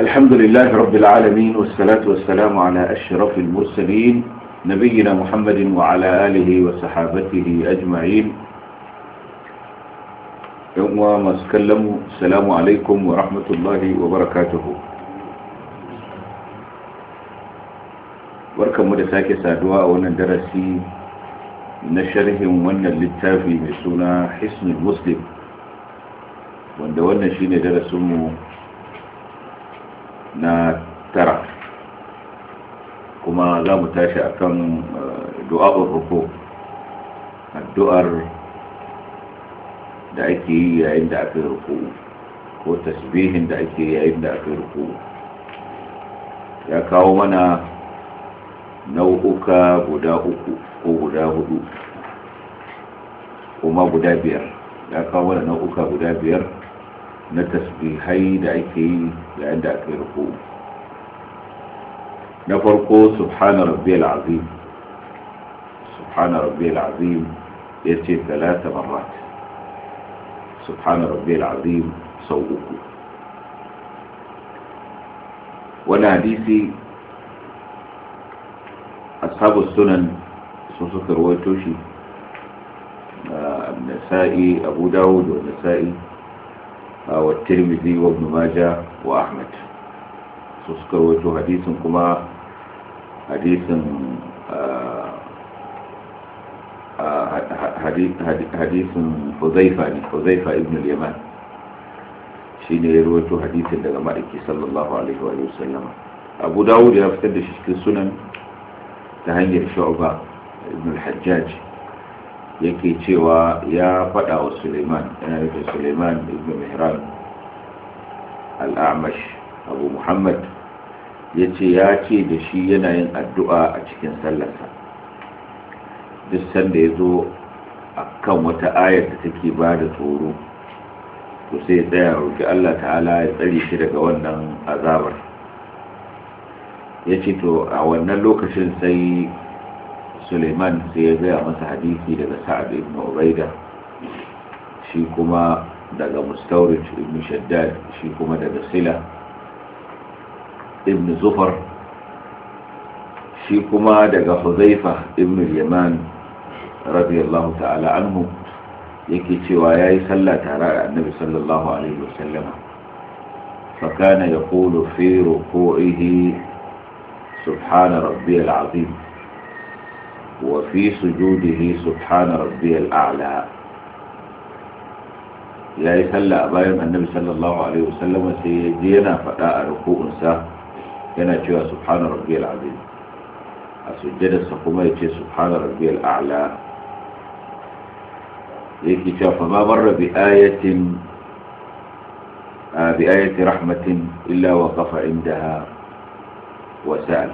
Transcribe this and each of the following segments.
الحمد لله رب العالمين والصلاة والسلام على أشرف المرسلين نبينا محمد وعلى آله وصحابته أجمعين يوم ما سكلموا السلام عليكم ورحمة الله وبركاته بركة مدساك سادواء وندرسي نشره ون للتافي من سنة حسن المسلم وندولنا شين درسمه na tara kuma za mu tashi a kan eh, du'a'ur ruku addu'ar da ake yi yayin da aka yi ruku ko tasbihin da ake yi yayin da aka yi ruku ya kawo mana nau'uka guda uku ko guda hudu kuma guda biyar ya kawo mana nau'uka guda biyar na tasbihai da ake yi yayin da yadda ake ruku na farko subhana rabbiyal azim subhana rabbiyal azim yace talata marrat subhana rabbiyal azim sau uku wani hadisi ashabu sunan sun suka rawaito shi sa'i abu da wa sa'i. wa tirmidhi wa ibn majah wa ahmad su suka rawaito hadisin kuma hadisin hadisin huzaifa ne huzaifa ibn al-yaman shi ne ya hadisin daga ma'aiki sallallahu alaihi wa sallama abu dawud ya fitar da shi cikin sunan ta hanyar shu'ba ibn al-hajjaj yake cewa ya faɗa wa suleiman yana da suleiman ibn mihran al'amash abu muhammad ya ce ya ce da shi yana yin addu'a a cikin sallarsa duk sanda ya zo a kan wata ayar da take ba da tsoro to sai ya tsaya roƙi allah ta'ala ya tsare shi daga wannan azabar ya ce to a wannan lokacin sai suleiman sai ya gaya masa hadisi daga sa'ad ibn ubaida shi kuma daga mustawrij ibn shaddad shi kuma daga sila ibn zufar shi kuma daga huzaifa ibn yaman radiyallahu ta'ala anhu yake cewa ya yi sallah tare da annabi sallallahu alaihi wasallama fakana ya kulu fi ruku'ihi subhana rabbiyal azim وفي سجوده سبحان ربي الأعلى لا يسلى أبايم النبي صلى الله عليه وسلم سيدينا فتاء ركوء سا كان يتوى سبحان ربي العظيم أسجد السقوم يتوى سبحان ربي الأعلى يكي تشوى فما مر بآية آه، بآية رحمة إلا وقف عندها وسأل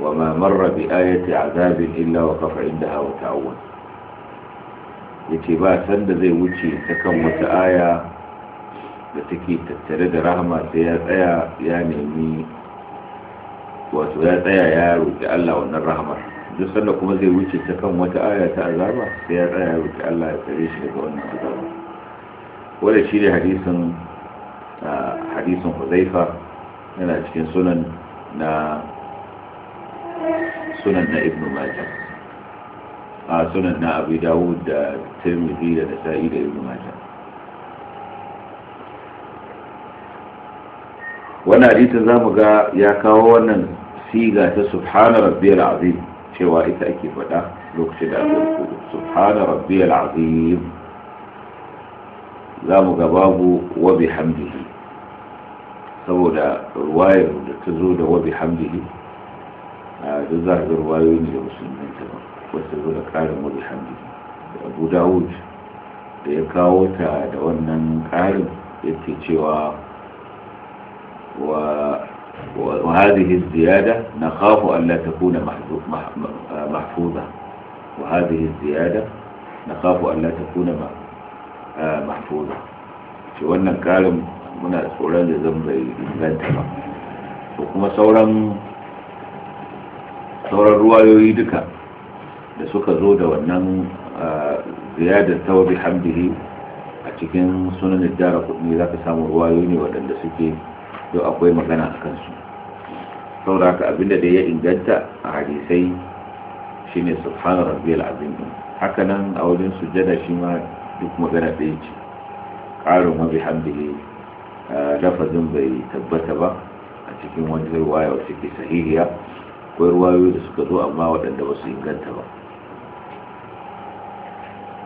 وما مر بآية عذاب إلا وقف عندها وتأول yace ba sanda zai wuce ta kan wata aya da take tattare da rahama sai ya tsaya ya nemi wato ya tsaya ya roƙi Allah wannan rahamar duk sanda kuma zai wuce ta kan wata aya ta azaba sai ya tsaya ya Allah ya daga wannan azaba wanda shi hadisin Huzaifa yana cikin sunan na sunan na ibnu majah a sunan na abu dawud da tirmidhi da nasa'i da ibnu majah wannan hadisin mu ga ya kawo wannan siga ta subhana rabbiyal azim cewa ita ake faɗa lokacin da aka rubuta subhana rabbiyal azim mu ga babu wa bihamdihi saboda ruwayar da ta zo da wa bihamdihi duk za a ga ruwayoyi ne da musulmai ta wasu zo da ƙarin wani hamdi da abu dawud da ya kawo ta da wannan ƙarin yake cewa وهذه الزيادة نخاف أن لا تكون محفوظة وهذه الزيادة نخاف أن لا تكون محفوظة wannan karin muna tsoron da zan bai inganta ba to kuma sauran sauran ruwayoyi duka da suka zo da wannan ziyadar ta wabi hamdihi a cikin sunan jara kudi za ka samu ruwayoyi ne waɗanda suke yau akwai magana a kansu saboda haka abinda da ya inganta a hadisai shine subhana rabbiyal azim haka nan a wajen sujjada shi ma duk magana ya ce ƙarin wabi hamdihi lafazin bai tabbata ba a cikin wani riwaya wacce ke sahihiya akwai ruwayoyi da suka zo amma waɗanda ba su inganta ba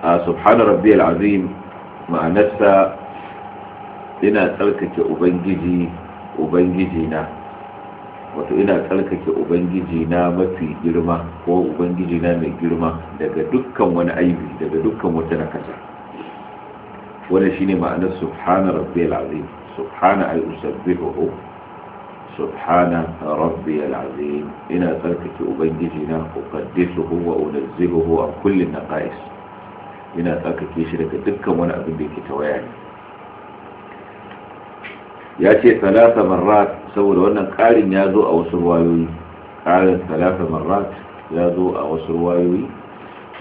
a subhana rabbiyal azim ma'anarsa ina tsarkake ubangiji ubangiji na wato ina tsarkake ubangiji na mafi girma ko ubangiji na mai girma daga dukkan wani aibi daga dukkan wata nakasa Wani shine ma'anar subhana rabbiyal azim subhana ay usabbihu سبحان ربي العظيم إلى تركة أبنجينا أقدسه وأنزهه عن كل النقائص إلى تركة شرك دكا وأنا أبنك تواني ya ce talata marat saboda wannan ƙarin ya zo a wasu ruwayoyi ƙarin talata ya zo a wasu ruwayoyi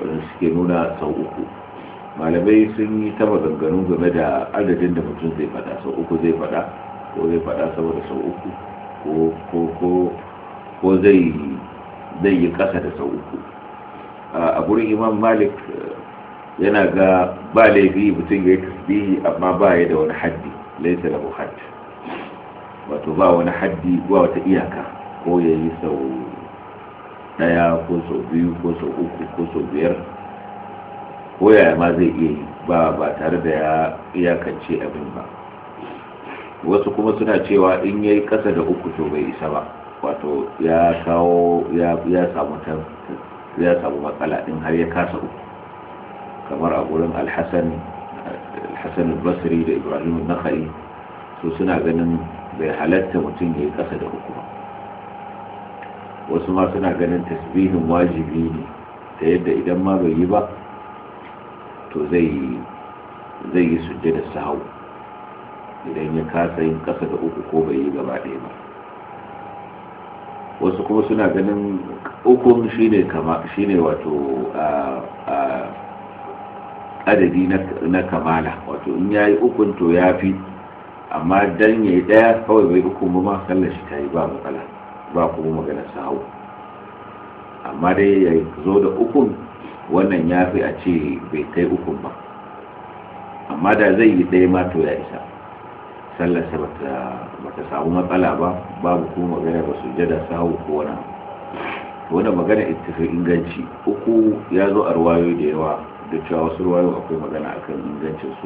wadda suke nuna sau uku malamai sun yi ta maganganu game da adadin da mutum zai fada sau uku zai faɗa ko zai faɗa saboda sau uku ko zai yi kasa da sau uku a gurin imam malik eh, yana ga ba laifi mutum ya yi tasbihi amma ba ya da wani haddi laisa da buhad wato ba wani haddi ba wata iyaka ko ya yi sau daya ko sau biyu ko sau uku ko sau biyar ko yaya ma zai iya yi ba ba tare da ya iyakance abin ba wasu kuma suna cewa in yayi kasa da uku to bai isa ba wato ya kawo ya samu ya samu matsala in har ya kasa uku kamar a gurin alhassan alhassan basri da ibrahim nakhai su suna ganin bai halatta mutum yayi kasa da uku ba wasu ma suna ganin tasbihin wajibi ne ta yadda idan ma bai yi ba to zai yi sujjada hau. idan ya kasa yin kasa da uku ko bai yi gaba ɗaya ba wasu kuma suna ganin ukun shine kama shine wato adadi na kamala wato in ya yi ukun to ya fi amma dan ya yi ɗaya kawai bai ukun ba ma sallar shi ta yi ba matsala ba kuma magana sahu amma dai ya zo da ukun wannan ya fi a ce bai kai ukun ba amma da zai yi ɗaya ma to ya isa sallarsa ba ta samu matsala ba babu kuma magana ba su jada sahu ko wani wani magana ita fi inganci uku ya zo a ruwayo da yawa da cewa wasu ruwayo akwai magana akan ingancin su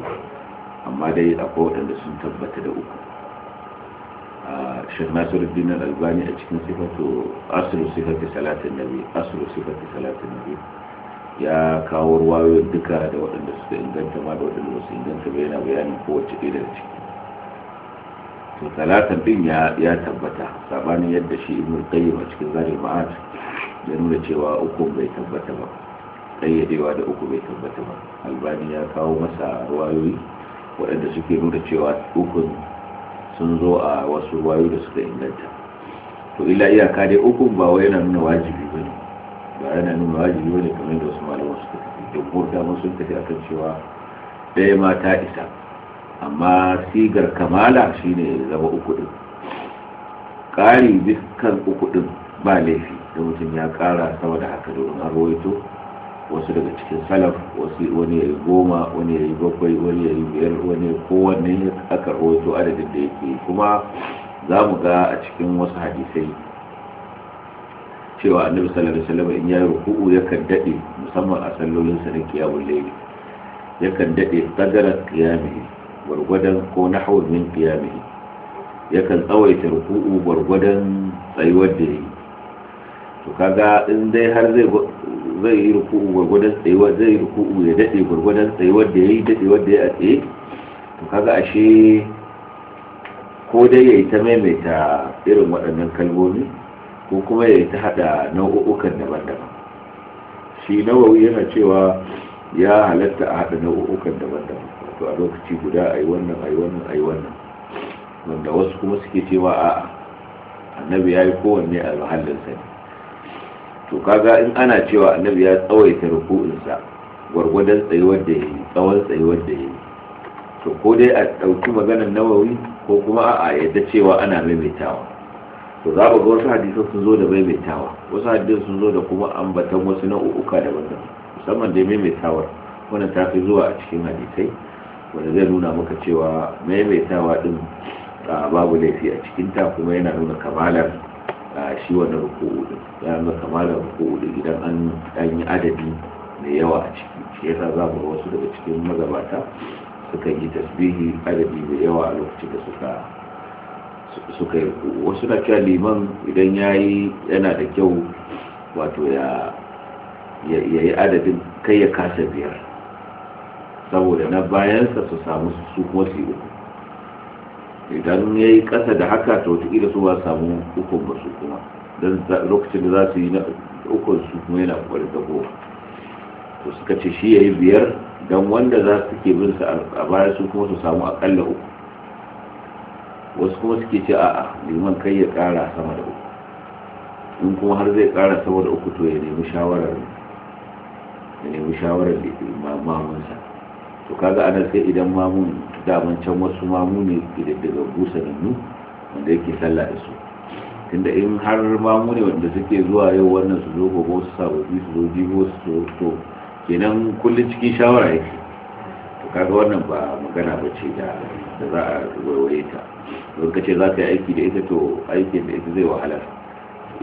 amma dai akwai waɗanda sun tabbata da uku shek nasiruddin albani a cikin sifatu asiru sifati salatin nabi asiru sifati salatin nabi ya kawo ruwayoyin duka da waɗanda suka inganta ma da waɗanda su inganta ba yana bayanin kowace ɗaya daga ciki to talatan din ya ya tabbata sabanin yadda shi ibn qayyim a cikin zari ma'at ya nuna cewa uku bai tabbata ba kayyadewa da uku bai tabbata ba albani ya kawo masa wayoyi waɗanda suke nuna cewa ukun sun zo a wasu wayo da suka inganta to ila iyaka dai ukun ba wai yana nuna wajibi ba ne ba yana nuna wajibi ba ne kamar da wasu malaman suka tafi jumhur da mun sun tafi akan cewa ɗaya ma ta isa amma sigar kamala shine zama uku din ƙari dukkan uku ɗin ba laifi da mutum ya ƙara sama da haka domin an rawaito wasu daga cikin salaf wasu wani ya yi goma wani ya yi bakwai wani ya yi biyar wani kowanne aka rawaito adadin da yake kuma za mu ga a cikin wasu hadisai cewa annabi sallallahu alaihi wasallam in yayi ruku'u yakan daɗe musamman a sallolin sa na kiyamul layl yakan dade qadara gwargwadon ko na hawan min ya yakan tsawaita ruku'u gwargwadon tsayuwar da yi to kaga in dai har zai zai yi ruku'u gwargwadon tsayuwar zai yi ruku'u ya dade gwargwadon tsayuwar da yi dadewar da ya a tsaye to kaga ashe ko dai yayi ta maimaita irin waɗannan kalmomi ko kuma yayi ta hada nau'ukan daban-daban shi nawawi yana cewa ya halatta a hada nau'ukan daban-daban to a lokaci guda a yi wannan a yi wannan a yi wannan wanda wasu kuma suke cewa a annabi ya yi kowanne a mahallinsa ne to kaga in ana cewa annabi ya tsawaita rufu'insa gwargwadon tsayuwar da ya yi tsawon tsayuwar da ya yi to ko dai a ɗauki maganar nawawi ko kuma a yadda cewa ana maimaitawa to za ga wasu hadisan sun zo da maimaitawa wasu hadisan sun zo da kuma ambatan wasu nau'uka daban-daban musamman dai maimaitawar wannan ta fi zuwa a cikin hadisai wanda zai nuna maka cewa maimaitawa din babu laifi a cikin ta kuma yana nuna kamalar shi wannan ruku'u din yana nuna kamalar ruku'u din idan an yi adadi mai yawa a ciki shi yasa za mu wasu daga cikin magabata suka yi tasbihi adadi mai yawa a lokacin da suka suka yi wasu na cewa liman idan ya yi yana da kyau wato ya yi adadin kai ya kasa biyar saboda na bayansa su samu su kuma wasi uku idan ya yi ƙasa da haka to wataƙila su ba samu ukun ba su kuma don lokacin da za su yi na ukun su kuma yana ƙwarin da goma to suka ce shi ya yi biyar don wanda za su ke bin a baya su kuma su samu aƙalla uku wasu kuma suke ce a'a liman kai ya ƙara sama da uku in kuma har zai ƙara sama da uku to ya nemi shawarar ya nemi shawarar mamansa to kaga anan sai idan mamun daman can wasu mamu ne daga busa nannu wanda yake sallah da su tunda in har mamu ne wanda suke zuwa yau wannan su zo gobe su sababbi su zo jibo su to kenan kullum cikin shawara yake to kaga wannan ba magana ba ce da za a waiwaye ta don ka ce za ka yi aiki da ita to aikin da ita zai wahalar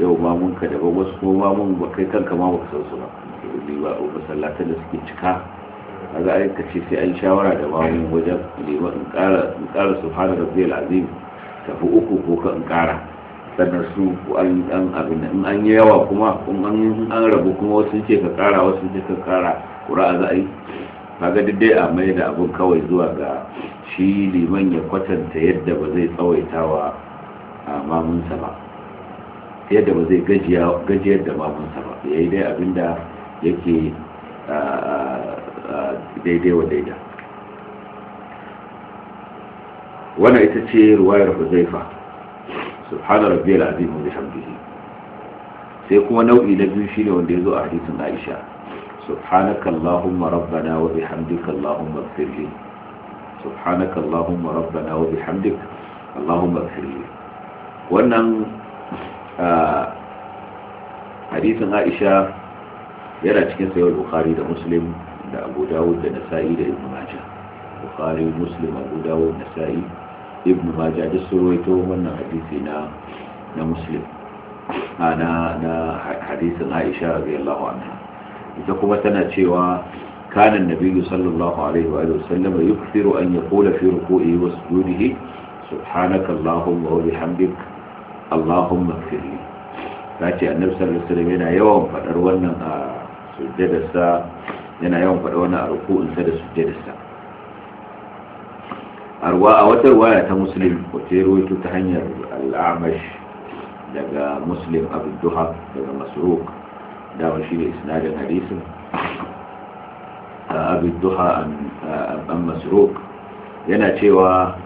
yau mamun da daban wasu ko mamun ba kai kanka ma ba ka san su ba ba masallatan da suke cika kaga ai ka ce sai an shawara da mamu wajen neman in kara in ƙara subhana rabbiyal ta tafi uku ko ka in kara sannan su an an abin in an yi yawa kuma in an an rabu kuma wasu ce ka kara wasu ce ka kara kura za a yi kaga duk dai a mai da abun kawai zuwa ga shi liman ya kwatanta yadda ba zai tsawaita wa mamunsa ba yadda ba zai gajiyar da mamunsa ba ya yi dai abinda yake daidai wa daida wannan ita ce ruwayar huzaifa subhana rabbiyal azim wa bihamdihi sai kuma nau'i na biyu shine wanda zo a hadisin Aisha subhanaka allahumma rabbana wa bihamdika allahumma ighfirli subhanaka allahumma rabbana wa bihamdika allahumma ighfirli wannan hadisin Aisha yana cikin sayar Bukhari da Muslim da abu dawud da nasa'i da ibn majah bukhari muslim abu dawud nasa'i ibn majah duk sun rawaito wannan hadisi na na muslim ah, na na hadisin aisha radiyallahu anha ita kuma tana cewa كان النبي صلى الله عليه وآله وسلم يكثر أن يقول في ركوعه وسجوده سبحانك اللهم وبحمدك اللهم اغفر لي فاتي النبي صلى الله عليه وسلم يوم فالأروانا سجد الساعة yana yawan faɗa wani a ruku in sai da sujjadarsa arwa a wata waya ta muslim wacce yi ta hanyar al'amash daga muslim abduha daga masruq dama shi ne isnadin hadisin abduha an masruk yana cewa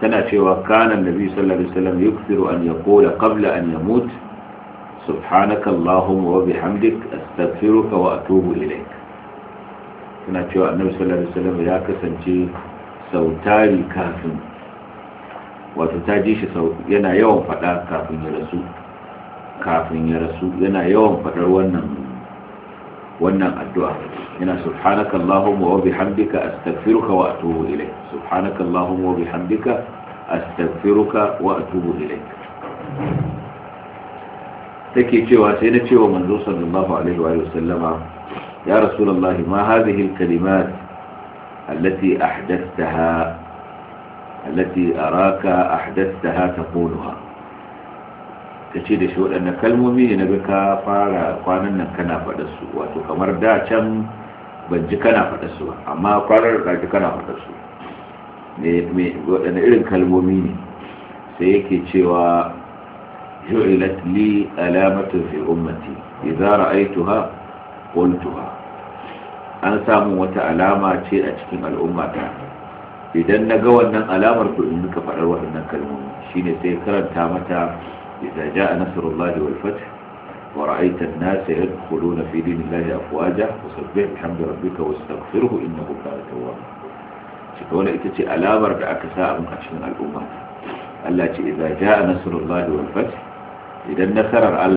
tana cewa kana nabi sallallahu alaihi wasallam yukthiru an yaqula qabla an yamut subhanaka allahumma wa bihamdik astaghfiruka wa atubu ilayk suna cewa annabi sallallahu alaihi wasallam ya kasance sautari kafin wato ta ji shi yana yawan faɗa kafin ya rasu kafin ya rasu yana yawan faɗar wannan wannan addu'a yana subhanaka allahumma wa bihamdika astaghfiruka wa atubu ilayk subhanaka allahumma wa bihamdika astaghfiruka wa atubu take cewa sai na cewa manzo sallallahu alaihi wa sallama يا رسول الله ما هذه الكلمات التي أحدثتها التي أراك أحدثتها تقولها كثير شو أن مين بك فارا قاننا كنا فدسو وتكمر دا كم بنجي فدسو أما قرر بجكنا فدسو waɗanda irin kalmomi ne sai yake cewa ju'ilat li alamatun fi ummati idza ra'aytuha qultuha an samu wata alama ce a cikin al'ummata. idan na ga wannan alamar ku in ka faɗar waɗannan kalmomi shine sai karanta mata idza jaa nasrullahi wal fath wa ra'aita an-nasa yadkhuluna fi dinillahi afwaja fasabbih bihamdi rabbika wastaghfirhu innahu kana tawwaba shi wannan ita ce alamar da aka sa a cikin al'umma Allah ce idza jaa nasrullahi wal fath idan nasarar Allah